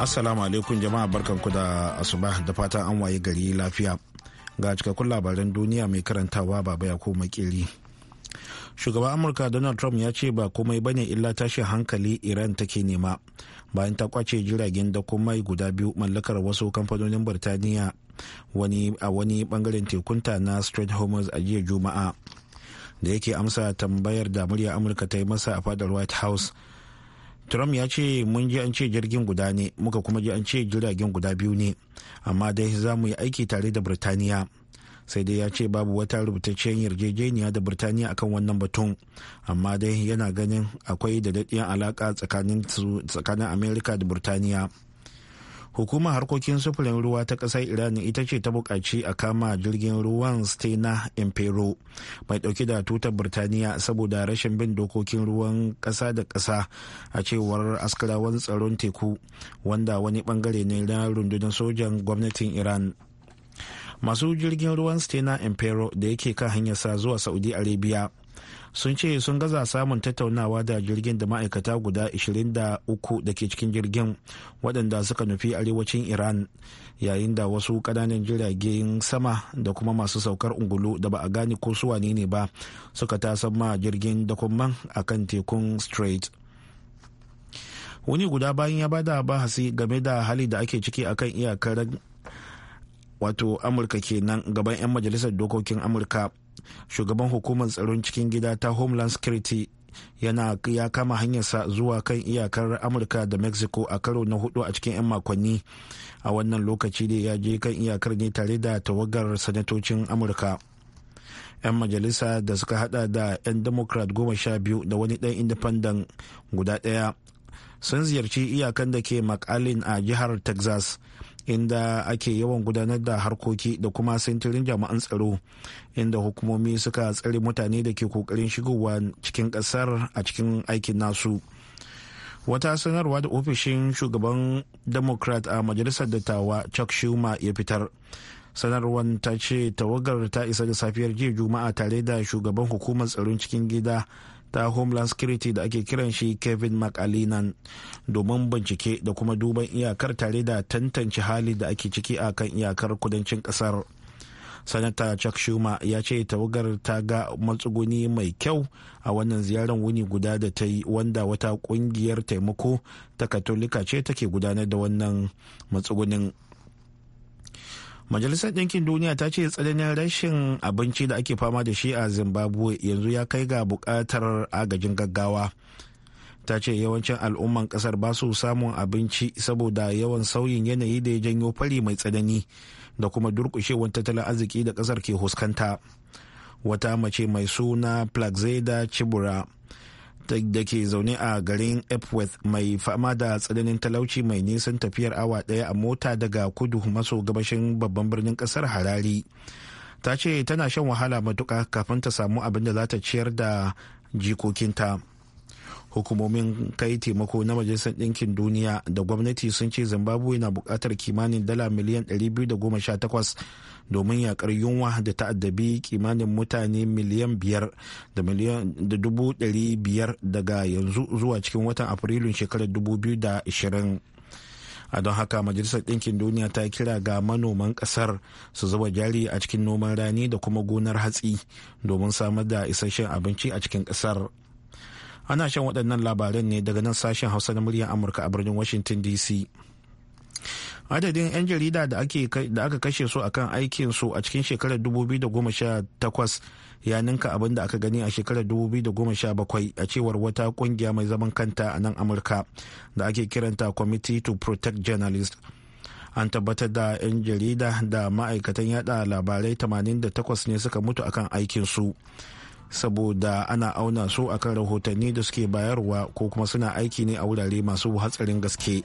Assalamu alaikum jama'a barkanku da asuba da fatan an waye gari lafiya. Ga cikakkun labaran duniya mai karantawa baba ya koma kiri. Shugaban Amurka Donald Trump ya ce ba komai bane illa tashin hankali Iran take nema bayan ta kwace jiragen da mai guda biyu mallakar wasu kamfanonin Birtaniya wani a wani bangaren tekunta na Strait Hormuz a jiya Juma'a. Da yake amsa tambayar da murya Amurka ta yi masa a fadar White House. trump ya ce mun ji an ce jirgin guda ne muka kuma ji an ce jiragen guda biyu ne amma dai za mu yi aiki tare da birtaniya sai dai ya ce babu wata rubutacciyar yarjejeniya da birtaniya akan wannan batun amma dai yana ganin akwai da daɗiyar alaka tsakanin amerika da birtaniya hukumar harkokin sufurin ruwa ta ƙasar iran ita ce ta buƙaci a kama jirgin ruwan stena impero mai ɗauki da tutar birtaniya saboda rashin bin dokokin ruwan ƙasa da ƙasa a cewar askarawan tsaron teku wanda wani bangare ne na rundunar sojan gwamnatin iran masu jirgin ruwan stena impero da yake kan hanyarsa zuwa saudi arabia sun ce sun gaza samun tattaunawa da jirgin da ma'aikata guda 23 da ke cikin jirgin waɗanda suka nufi arewacin iran yayin da wasu ƙananan jiragen sama da kuma masu saukar ungulu da ba a gane ko su wane ne ba suka ma jirgin da kuma a kan tekun strait wani guda bayan ya bada bahasi game da hali da ake ciki akan iyakar wato amurka kenan gaban 'yan majalisar dokokin amurka shugaban hukumar tsaron cikin gida ta homeland security yana ya kama hanyarsa zuwa kan iyakar amurka da mexico a karo na hudu a cikin 'yan makonni a wannan lokaci da ya je kan iyakar ne tare da tawagar sanatocin amurka 'yan majalisa da suka hada da 'yan democrat goma sha biyu da wani dan independent guda daya sun ziyarci iyakan da ke mcallen a jihar texas inda ake yawan gudanar da harkoki da kuma sintirin jami'an tsaro inda hukumomi suka tsare mutane da ke kokarin shigowa cikin kasar a cikin aikin nasu wata sanarwa da ofishin shugaban democrat a majalisar dattawa chuck schumer ya fitar sanarwar ta ce tawagar ta isa da safiyar jiya juma'a tare da shugaban hukumar tsaron cikin gida ta homeland security da ake kiran shi kevin mcallinan domin bincike da kuma duban iyakar tare da tantance hali da ake ciki a kan iyakar kudancin kasar sanata chuck schumer ya ce tawagar ta ga matsuguni mai kyau a wannan ziyarar wuni guda da ta yi wanda wata kungiyar taimako ta katolika ce take gudanar da wannan matsugunin majalisar ɗinkin duniya ta ce tsananin rashin abinci da ake fama da shi a zimbabwe yanzu ya kai ga buƙatar agajin gaggawa ta ce yawancin al'umman ƙasar ba su samun abinci saboda yawan sauyin yanayi da ya janyo fari mai tsanani da kuma durƙushewar tattalin arziki da ƙasar ke huskanta wata mace mai suna plaxeda chibura da ke zaune a garin epworth mai fama da tsananin talauci mai nisan tafiyar awa ɗaya a mota daga kudu maso gabashin babban birnin ƙasar harare ta ce tana shan wahala matuka kafin ta samu abin da za ta ciyar da jikokinta hukumomin kai taimako na majalisar ɗinkin duniya da gwamnati sun ce zimbabwe na buƙatar kimanin dala miliyan 218 domin yakar yunwa da ta'addabi kimanin mutane miliyan 5 da miliyan biyar daga yanzu zuwa cikin watan afrilun shekarar 2020 a don haka majalisar ɗinkin duniya ta kira ga manoman ƙasar su zuba jari a cikin noman rani da kuma gonar hatsi domin samar da isasshen abinci a cikin ƙasar ana shan waɗannan labaran ne daga nan sashen hausa na muryar amurka a birnin washington dc adadin 'yan jarida da aka kashe su akan aikin su a cikin shekarar 2018 ya ninka abin da aka gani a shekarar 2017 a cewar wata kungiya mai zaman kanta a nan amurka da ake kiranta committee to protect journalists an tabbatar da 'yan jarida da ma'aikatan yada labarai 88 ne suka mutu akan aikin su. saboda ana auna su akan rahotanni da suke bayarwa ko kuma suna aiki ne a wurare masu hatsarin gaske.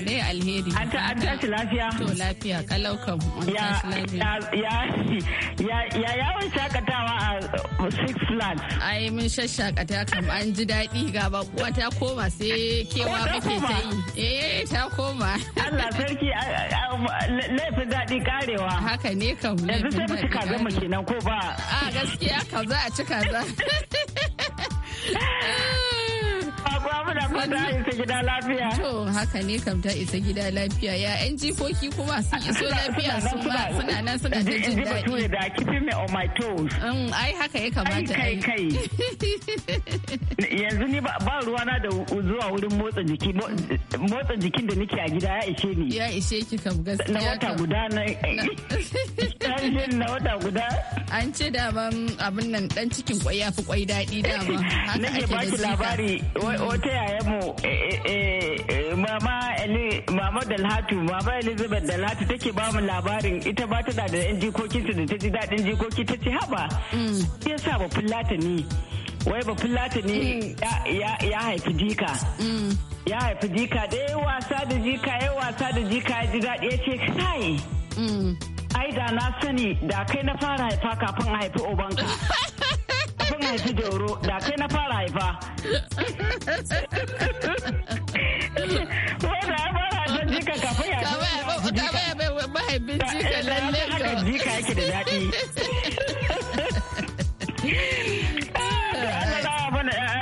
barka dai alheri. An ta tashi lafiya? To lafiya kalau kan ya ya ya yawon shakatawa a Six Flags. Ai mun shashakata kam an ji daɗi ga bakuwa ta koma sai kewa oh, kake ta yi. Eh ta koma. Allah sarki laifin daɗi karewa. Haka ne kam laifin daɗi. Yanzu sai mu ci kaza mu kenan ko ba. A gaskiya za a ci kaza. muna fata isa gida lafiya. To haka ne kam ta isa gida lafiya ya yan jikoki kuma sun iso lafiya su ma suna nan suna ta jin daɗi. da keeping me on my toes. Mm, ai haka ya kamata. Ai kai kai. Yanzu ni ba ruwana da zuwa wurin motsa jiki motsa jikin da nake a gida ya ishe ni. Ya ishe ki kam gaskiya. Na wata guda na. Eh, eh. Na wata guda. An ce daman abin nan dan cikin kwai ya fi kwai daɗi dama. Nake ki labari wata iyayenmu eh, eh, eh, mama mama dalhatu mama elizabeth dalhatu take ba mu labarin ita ba ta da yan jikokinta da ta ji dadin jikoki ta ce haba mm. mm. ya sa ba fulata ni wai ba fulata ni ya haifi jika mm. ya haifi jika da ya wasa da jika ya wasa da jika ya ji dadi ya ce kai ai da na sani da kai na fara haifa kafin a haifi obanka sai na haifi jauro da kai na fara haifa wai da ya fara ta jika kafin ya ta mahaifin jika lalle ga jika yake da daɗi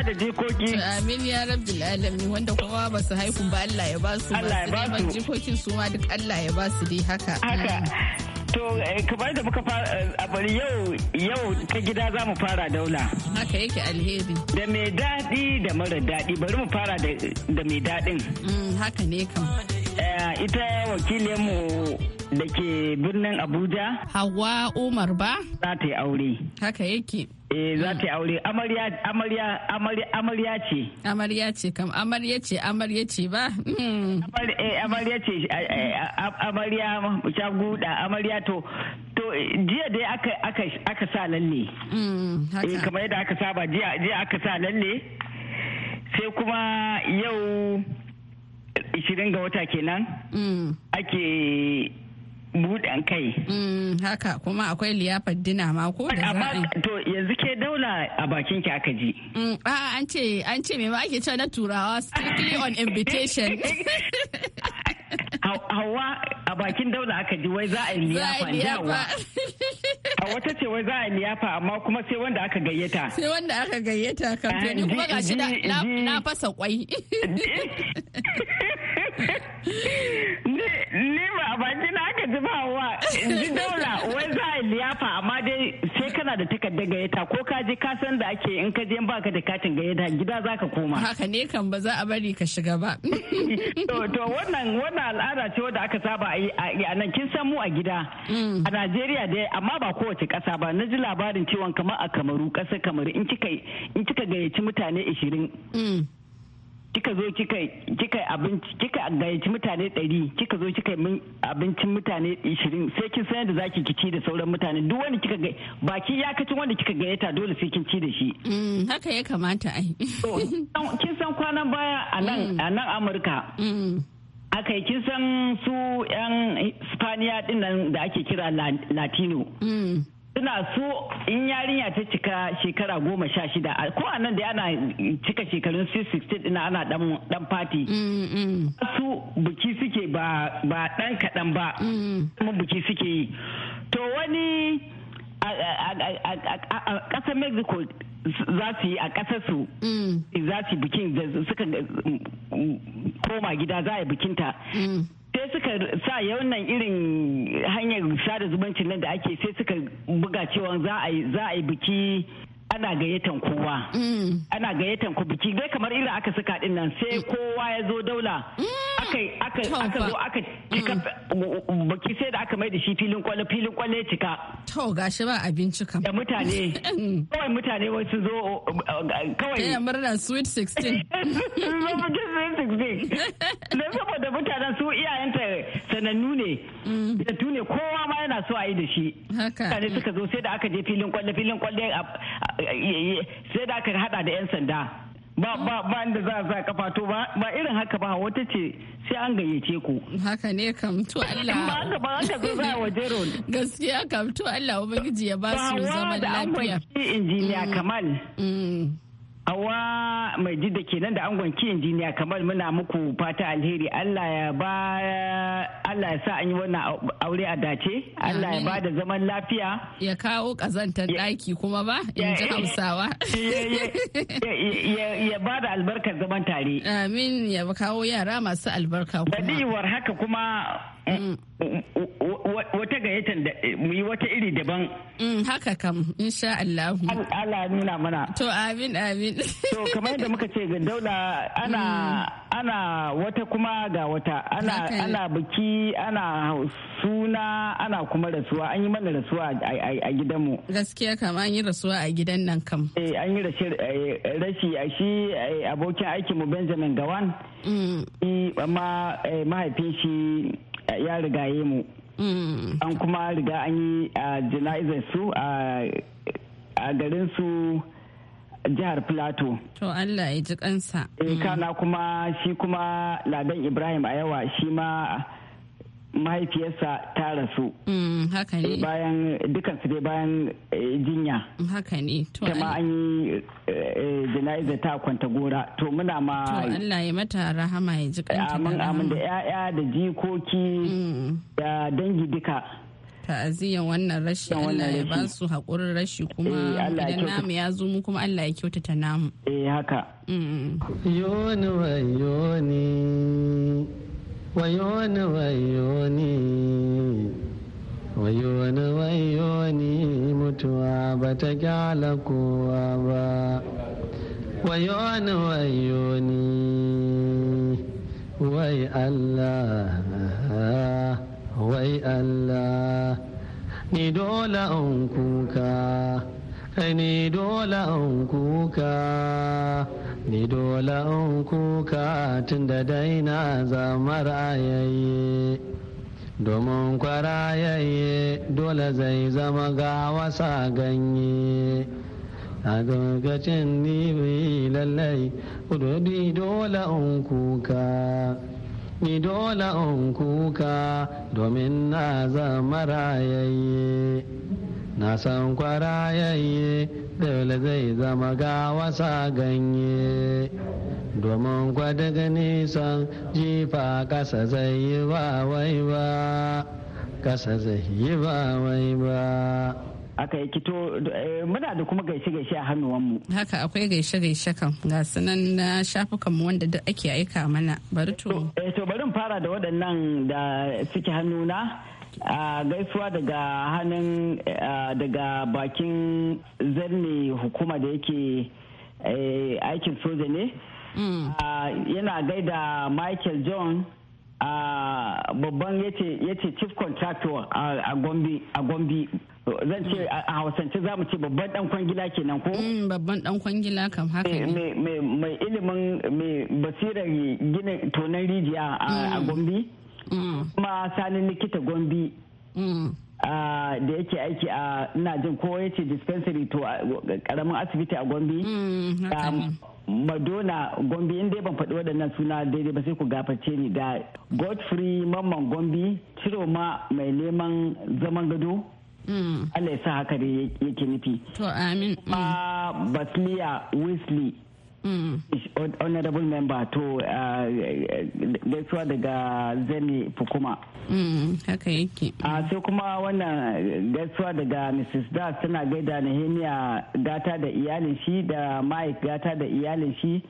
da jikoki. Amin ya rabbi alamin wanda kowa ba su haihu ba Allah ya ba su. Allah ya ba su. Jikokin su ma duk Allah ya ba su dai haka. Haka. To eh, kamar da muka fara eh, a bari yau yau ta gida za mu fara daula. Haka yake alheri. Da mai daɗi da mara daɗi bari mu fara da mai daɗin. Mm, haka ne kam. Eh, ita wakilinmu da ke birnin Abuja. Hawa Umar ba? Za ta yi aure. Haka yake. Eh za ta yi aure amarya amarya amarya ce. Amarya ce kam amarya ce amarya ce ba. Hmm. Eh, amarya ce eh, eh, amarya guda amarya to to jiya dai aka aka aka sa lalle. Hmm, eh kamar yadda aka saba jiya jiya aka sa lalle. Sai kuma yau 20 ga wata kenan. Hmm. Ake buɗan kai. Mm, haka kuma akwai liyafar dina ma ko da za To yanzu ke daula a bakin ki aka ji. Mm, a'a an ce an ce me ba ake cewa na turawa strictly on invitation. Hawa a bakin daula aka ji wai za a yi liyafa A wata ce wai za a yi liyafa amma kuma sai wanda aka gayyata. Sai wanda aka gayyata kamfani kuma eh, gashi na fasa kwai. Ni ba abinci na aka ji ba wa ji daula wai za a liyafa amma dai sai kana da takardar gayyata ko ka je ka san da ake in ka je ba ka da katin gayyata gida za ka koma. Haka ne kan ba za a bari ka shiga ba. To wannan wannan al'ada ce wadda aka saba a nan kin san mu a gida mm. a Najeriya dai amma ba kowace kasa ba na ji labarin ciwon kamar a Kamaru kasar Kamaru in kika gayyaci mutane 20. kika zo kika kika abinci kika gayyaci mutane 100 kika zo kika min abincin mutane 20 sai kin san da zaki ki ci da sauran mutane duk wanda kika ga baki yakacin wanda kika gayyata dole sai kin ci da shi mm, haka ya kamata ai kin san kwanan baya a nan mm. a nan Amurka mm. aka yi kin san su yan Spaniya din nan da ake kira Latino suna so in yarinya ta cika shekara goma sha shida ko a nan da ana cika shekarun 16 ina ana dan fati su buki suke ba dan kaɗan ba kuma buki suke yi to wani a ƙasar mexico za su yi a ƙasar su mm. za su bikin suka mm, koma gida za a yi bikinta mm. sai suka sa wannan irin hanyar sada zumuncin nan da ake sai suka buga cewa za a yi biki ana gayyatan kowa mm. ana gayyatan ku biki dai kamar irin aka saka din nan sai mm. kowa ya zo daula mm. aka aka aka zo aka cika mm. baki sai da aka mai da shi filin kwallo filin kwallo ya cika to gashi ba abinci kam da mutane mm. kawai mutane wai su zo kawai ya murna sweet 16 16. don saboda mutanen su iyayenta sanannu ne mm. da tune kowa ma yana so a yi da shi mutane suka zo sai da aka je filin kwallo filin kwallo sai da aka hada da yan sanda ba ba ba inda za za kafa to ba ba irin haka ba wata ce sai an gayyace ku haka ne kam to Allah ba haka ba haka zai za waje road gaskiya kam to Allah ubangiji ya ba su zaman lafiya ba wa da an injiniya mm. Kamal mm. Awa mai da kenan da angon ki injiniya kamar muna muku fata alheri Allah ya ba Allah ya sa an yi wannan aure a dace Allah ya ba da zaman lafiya ya kawo kazantar daki kuma ba in ji Hausawa ya ba da albarkar zaman tare amin ya kawo yara masu albarka kuma da haka kuma Mm. wata gayyatar da eh, mu yi wata iri daban. Mm, haka kam, insha Allah. Allah nuna mana. To amin amin. To kamar yadda muka ce ga daula ana mm. ana wata kuma ga wata ana ana biki ana suna ana kuma rasuwa an yi mana rasuwa a gidanmu. Gaskiya kam an yi rasuwa a gidan nan kam. Eh an yi eh, rashi a shi eh, abokin aikinmu Benjamin Gawan. Amma mahaifin shi ya riga rigaye mu mm. an kuma riga an yi jana'izar su a garin su jihar plateau to allah ya ji kansa eh, mm. kana kuma shi kuma ladan ibrahim a yawa shi ma mahaifiyarsa ta rasu. Mm, eh, eh, mm, haka ne. Bayan dukan su dai bayan jinya. Haka ne. Ta ma an yi eh, jana'iza ta kwanta gora. To muna ma. To Allah ya mata rahama ya ji kanta. Amin amin da 'ya'ya da jikoki mm. da dangi duka. ta'aziyyar wannan rashi Allah ya ba su haƙurin rashi kuma idan namu ya zo mu kuma Allah ya kyautata namu. Eh haka. Yoni wa yoni wayoni wayoni mutuwa ba ta kyala kowa ba wayoni wayoni wai allah wai allah ni dole in kuka ni dole an kuka ni dole an kuka tun da daina zamar ayaye domin kwarayayye dole zai zama ga wasa ganye a gargacin ni lallai kudodi dole an kuka ni dole an kuka domin na zama rayayye na san kwara yayye dole zai zama ga wasa ganye domin kwa daga nisan jifa kasa zai yi ba wai ba kasa zai yi ba wai ba aka yi kito eh, muna da kuma gaishe-gaishe a hannuwanmu. Haka akwai gaishe-gaishe kan ga sunan na shafukanmu wanda duk ake aika mana bari to eh, bari fara da waɗannan da suke hannuna. a gaisuwa daga hannun daga bakin zanne hukuma da yake aikin soja ne mm. yana gaida michael john babban yace chief contractor a gombe zan ce a hausance za mu ce babban dan kwangila kenan ko? Mm, babban dan kwangila kam haka ne mai ilimin mai basirar gina tonan rijiya a mm. gombe kuma sanin likita gombi da yake aiki a ina jin ko yace ce dispensary to karamin asibiti a gombe mm, um, madona gombi in dai ban faɗi waɗannan suna daidai ba sai ku gaface ni da godfrey mamman gombe ciroma mai neman zaman gado mm. Allah ya sa haka da yake nufi. To amin. Basliya Wesley Mm. honorable member to uh, gaisuwa daga zemi fukuma mm, haka yake uh, sai kuma wannan gaisuwa daga mrs das tana gaida nahimiya gata da iyalin shi da mike gata da iyalin shi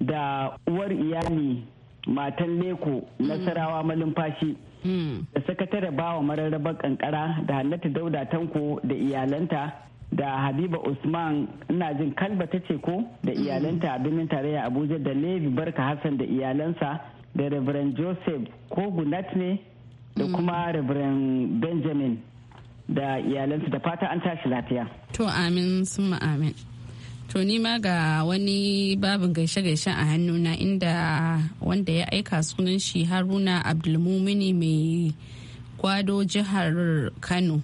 da uwar iyali matan leko mm. nasarawa malumfashi da sakatare bawa mararrabar kankara da hannatu dauda tanko da iyalanta da habiba usman ina jin kalba ta ce ko da mm-hmm. iyalanta a birnin tarayya abuja da levi barka hassan da iyalansa da reverend joseph ko ne da mm. kuma reverend benjamin da iyalansa da fata an tashi lafiya to amin sun amin to ni ma ga wani babin gaishe-gaishe a hannuna inda wanda ya aika sunan shi haruna abdulmumini mai kwado jihar kano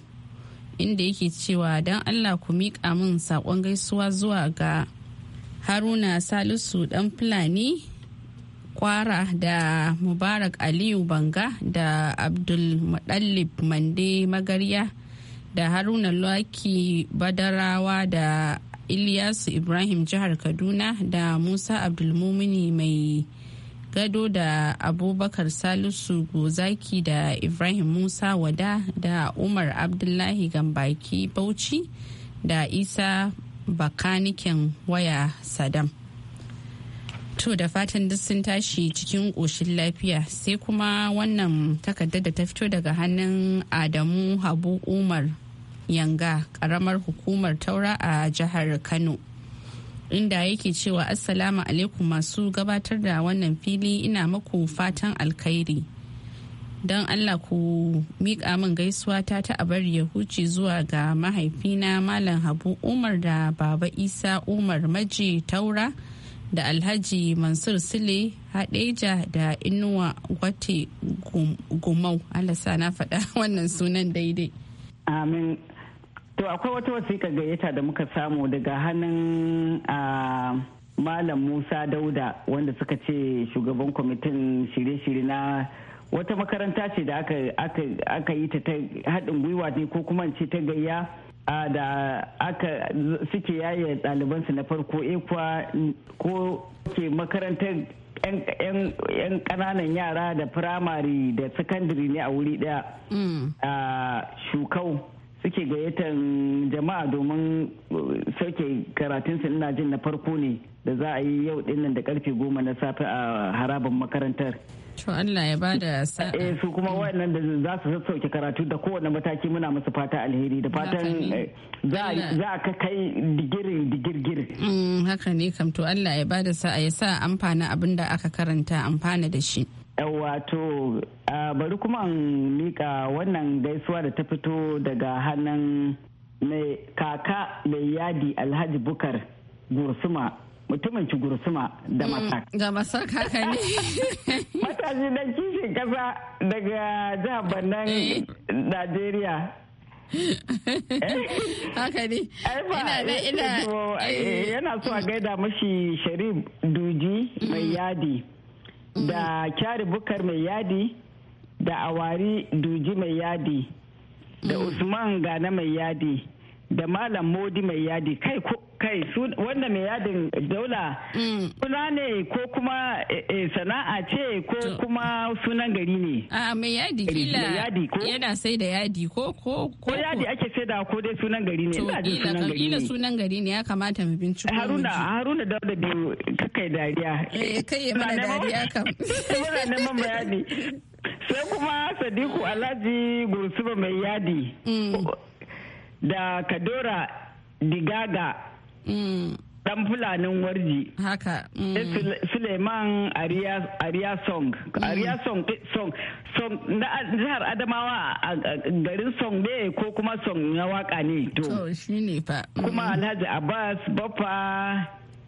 inda yake cewa don allah ku miƙa min saƙon gaisuwa zuwa ga haruna salisu dan fulani kwara da mubarak aliyu banga da abdul muɗallib mande magarya da haruna laki badarawa da ilyasu ibrahim jihar kaduna da musa abdulmumini mai gado da abubakar salisu gozaki da ibrahim musa wada da umar abdullahi gambaki bauchi da isa bakaniken waya sadam to da fatan duk sun tashi cikin ƙoshin lafiya sai kuma wannan takarda da ta fito daga hannun adamu habu umar yanga ƙaramar hukumar taura a jihar kano inda yake cewa assalamu alaikum masu gabatar da wannan fili ina maku fatan alkhairi don allah ku miƙa min gaisuwa ta ta abar ya huce zuwa ga mahaifina malam habu umar da baba isa umar maji taura da alhaji mansur sile hadeja da inuwa gwate gumau allah sa na faɗa wannan sunan daidai amin to akwai wata wasiƙa gayyata da muka samu daga hannun malam musa dauda wanda suka ce shugaban kwamitin shirye-shirye na wata makaranta ce da aka yi ta haɗin gwiwa ne ko kuma ce ta gayya da aka suke yaye ɗalibansu na farko ekwa ko ke makarantar 'yan ƙananan yara da firamare da sakandare ne a wuri ɗaya mm. a shukau suke gayyatar jama'a domin sauke karatunsu ina jin na farko ne da za a yi yau dinnan da karfe goma na safe a harabar makarantar to Allah ya bada sa'a eh su kuma waɗannan da za su sassauke karatu da kowane mataki muna musu fata alheri da fatan eh, za a kai digirin digirgir mm, haka ne kam to Allah ya bada sa'a ya sa amfana abin aka karanta amfana da shi wato bari kuma in mika wannan gaisuwa da ta fito daga hannun kaka mai yadi alhaji bukar gursuma mutumin gursuma da masak. Da masak haka ne. Matashi dan kishin kasa daga jihar Bannan eh. Najeriya. Haka ne. Eh, eh. Yana so a gaida mashi Sharif Duji mai yadi da Kyari Bukar mai yadi da Awari Duji mai yadi da Usman Gana mai yadi da Malam Modi mai yadi kai ko kai wanda mai yadin daula mm. suna ne ko kuma eh, eh, sana'a ce ko kuma sunan gari ne a mai yadi kila yana sai da yadi ko ko ko yadi ake sai da ko dai sunan gari ne ina jin sunan gari ne ya kamata mu binciko haruna haruna dauda biyu kakai dariya eh kai mana dariya kam muna neman bayani sai kuma sadiku alhaji gursuba mai yadi mm. da kadora digaga dan fulanin warji haka eh, mm. suleiman ariya song ariya song mm. eh, song Song. na jihar adamawa a garin song ne ko kuma song na waka ne to shi ne fa kuma mm. alhaji abbas baffa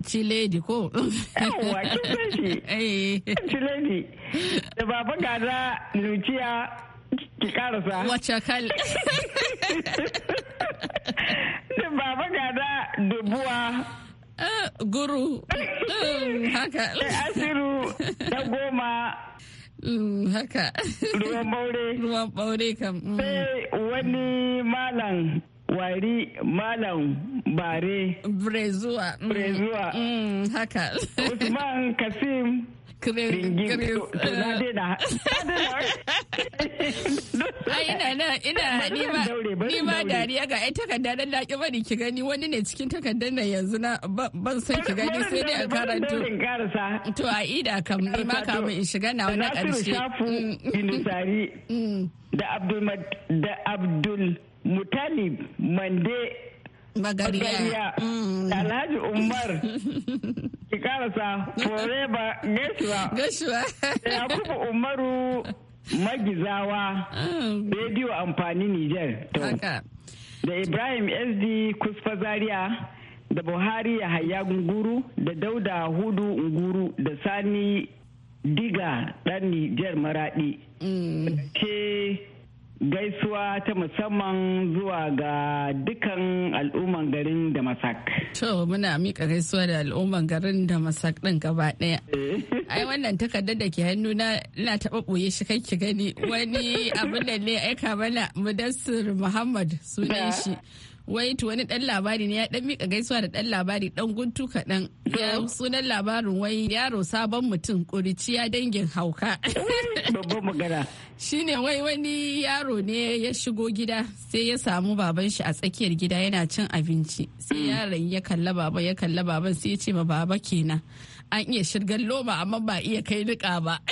Chiledi ko? Yawwa, kin san shi. Chiledi. Eh. Da baba gada Lucia ki karasa. Wacce kal. Baba gada dubuwa. Eh, guru. Mm, haka. Asiru da goma. Mm, haka. Ruwan baure Ruwan baure kam. Mm. Sai wani malam wari malam bare. Brezuwa. Brezuwa. Haka. Usman Kasim. Ringim. Na dena. ina na ina ni ma dariya ga ai takarda dan laki bari ki gani wani ne cikin takardar nan yanzu na ban san ki gani sai dai a karanto. To a ida kam ni ma kamun in shiga na wani ƙarshe. Shafu mm. mm. da Abdul Mutalib Mande bagariya mm. alhaji umar ki karasa foreba gashuwa gashuwa yakubu umaru magizawa mm. rediyo amfani niger da ibrahim sd kusfa zaria da buhari yahaya gunguru da dauda hudu nguru da sani diga dan nijar maradi mm. ke gaisuwa ta musamman zuwa ga dukan al'umman garin da masak. To muna mika gaisuwa da al'umman garin da masak ɗin gaba ɗaya. Eh. Ai wannan takardar da ke hannu na ina taɓa ɓoye shi kai ki gani wani abin da ne aika mana Mudassir Muhammad sunan shi. wai to wani dan labari ne ya dan mika gaisuwa da dan labari dan guntu kaɗan ya sunan labarin wai yaro sabon mutum ya dangin hauka babban magana shine wai wani yaro ne ya shigo gida sai ya samu baban shi a tsakiyar gida yana cin abinci sai mm. yaron ya kalla baban ya kalla baban sai ya ce ma baba kenan an iya shirgar loma amma ba iya kai niƙa ba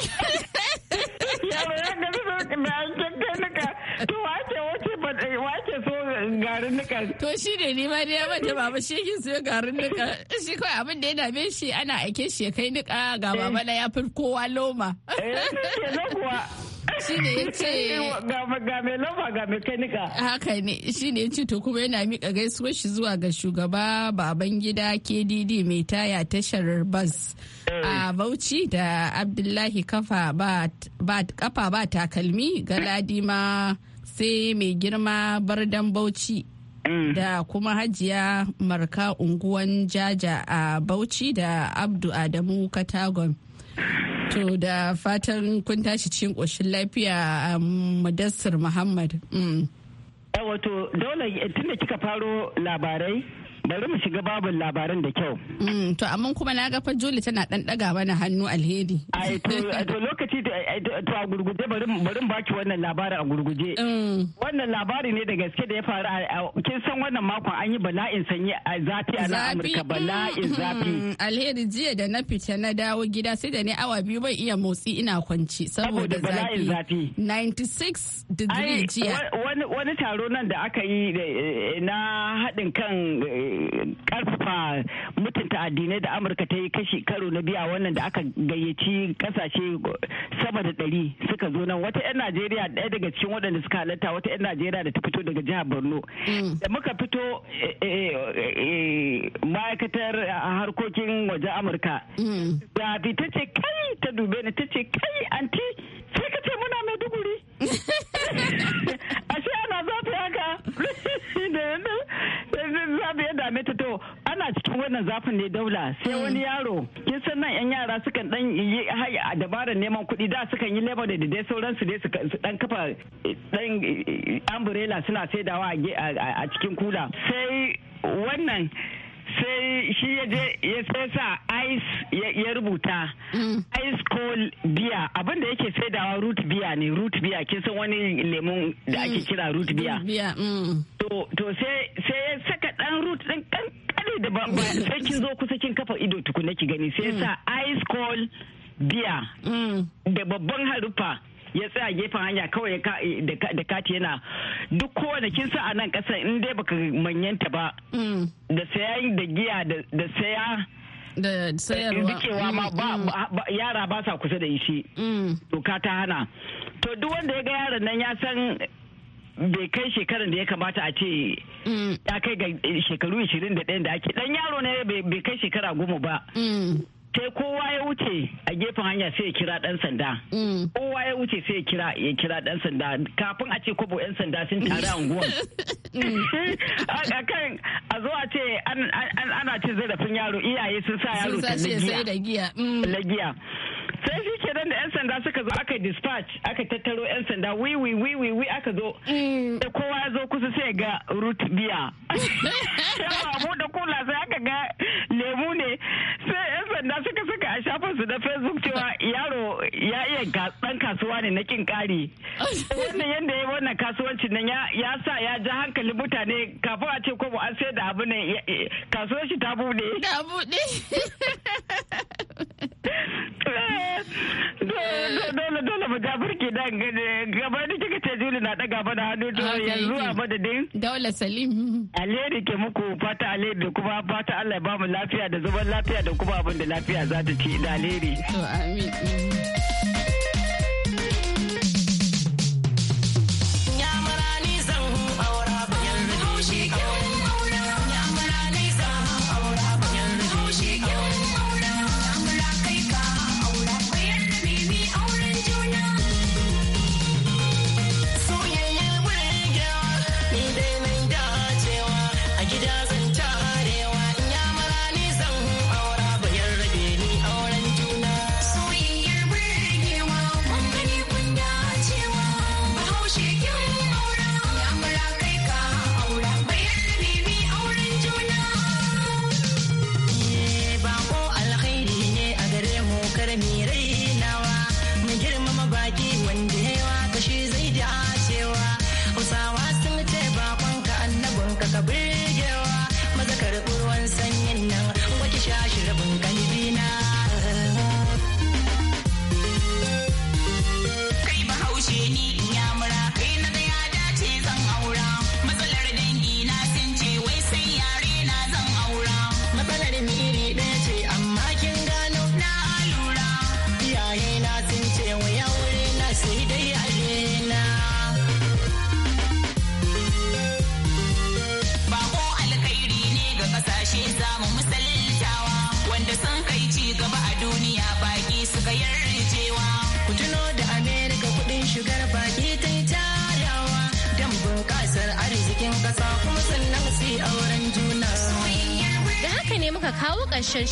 ya ba an kai niƙa wake so garin nika. To shi ne ni ma dai manta baba shi yake so garin nika. Shi kawai abin da ya dame shi ana aike shi ya kai nika ga eh. baba na ya fi kowa loma. Eh, shi ne ya ce. Ga mai loma ga mai kai nika. Haka ne shi ne ya ce to kuma yana mika gaisuwar shi zuwa ga shugaba baban gida KDD mai taya tashar bas. Eh. a bauchi da abdullahi kafa ba takalmi ga ladima sai mai girma bardan bauchi mm. da kuma hajiya marka unguwan jaja a bauchi da abdu adamu katagon to da fatan kun tashi cikin ƙoshin lafiya a um, madassar muhammad mm. wato dole tunda kika faro labarai bari mu shiga babin labaran da kyau. Mm, to amma kuma na ga fa tana dan daga mana hannu alheri. to lokaci to a gurguje bari mu baki wannan labarin a gurguje. Mm. Wannan labari ne da gaske da ya faru a kin san wannan makon an yi bala'in sanyi a zafi a nan Amurka bala'in mm, zafi. Alheri jiya da na fita na dawo gida sai da ni awa biyu bai iya motsi ina kwanci saboda zafi. 96 degree jiya. Wani taro nan da aka yi eh, eh, na haɗin kan eh, karfafa mutunta addinai da amurka ta yi kashi karo na biya wannan da aka gayyaci kasashe sama da ɗari suka zo nan wata 'yan najeriya ɗaya daga cikin waɗanda suka halatta wata 'yan najeriya da ta fito daga jihar borno mm. da muka fito eh, eh, eh, ma'aikatar harkokin waje amurka da mm. ta ce kai ta dube ni ta ce kai anti sai ka ce muna maiduguri ashe ana zafi haka da yanzu zafi yadda dame ta to ana cikin wannan zafin ne daula sai wani mm. yaro kin san nan yan yara sukan dan yi a dabarar neman kuɗi da sukan yi lebo da dai sauransu dai su dan kafa dan eh, umbrella suna saidawa a cikin kula sai wannan sai shi ya je ya sa ice ya rubuta mm. ice cold beer abin da yake saidawa root beer ne root beer kin san wani lemon da ake mm. kira root beer mm. to sai ya saka dan root din kankane da ba sai kin zo kusa kin kafa ido tukuna ki gani sai ya sa ice cold beer da babban harufa ya tsaya gefen hanya kawai da kati yana duk kowane kin sa a nan kasar in dai baka manyanta ba mm. da sayan da giya da saya da sayarwa ma mm. ba yara ba sa kusa da to mm. doka ta hana to duk wanda ya ga yaron nan ya san bai kai shekaran da ya kamata a ce ya kai ga shekaru 21 da ake dan yaro ne bai kai shekara goma ba sai kowa ya wuce a gefen hanya sai ya kira dan sanda mm. kowa ya wuce sai ya kira ya kira dan sanda kafin a ce kobo yan sanda sun tare a unguwan mm. kan a zo a ce ana cin zarafin yaro iyaye sun sa yaro ta giya lagiya mm. sai shi ke da 'yan sanda suka zo aka dispatch aka tattaro 'yan sanda wiwi wiwi wi aka zo da kowa ya zo kusa sai ga root beer sai ba da kula sai aka ga lemu ne sai sanda suka saka a shafin su na facebook cewa yaro ya iya dan kasuwa ne na kin kari wannan yadda ya wannan kasuwancin nan ya sa ya ja hankalin mutane kafin a ce ko an sai da abu ne kasuwar shi ta bude ta bude dole dole mu ja dan gaba da kika ce juli na daga mana hannu to yanzu a madadin daula salim alheri ke muku fata alheri da kuma fata Allah ya ba mu lafiya da zuban lafiya da kuma abin da lafiya za ta ci da To amin.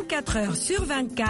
24 heures sur 24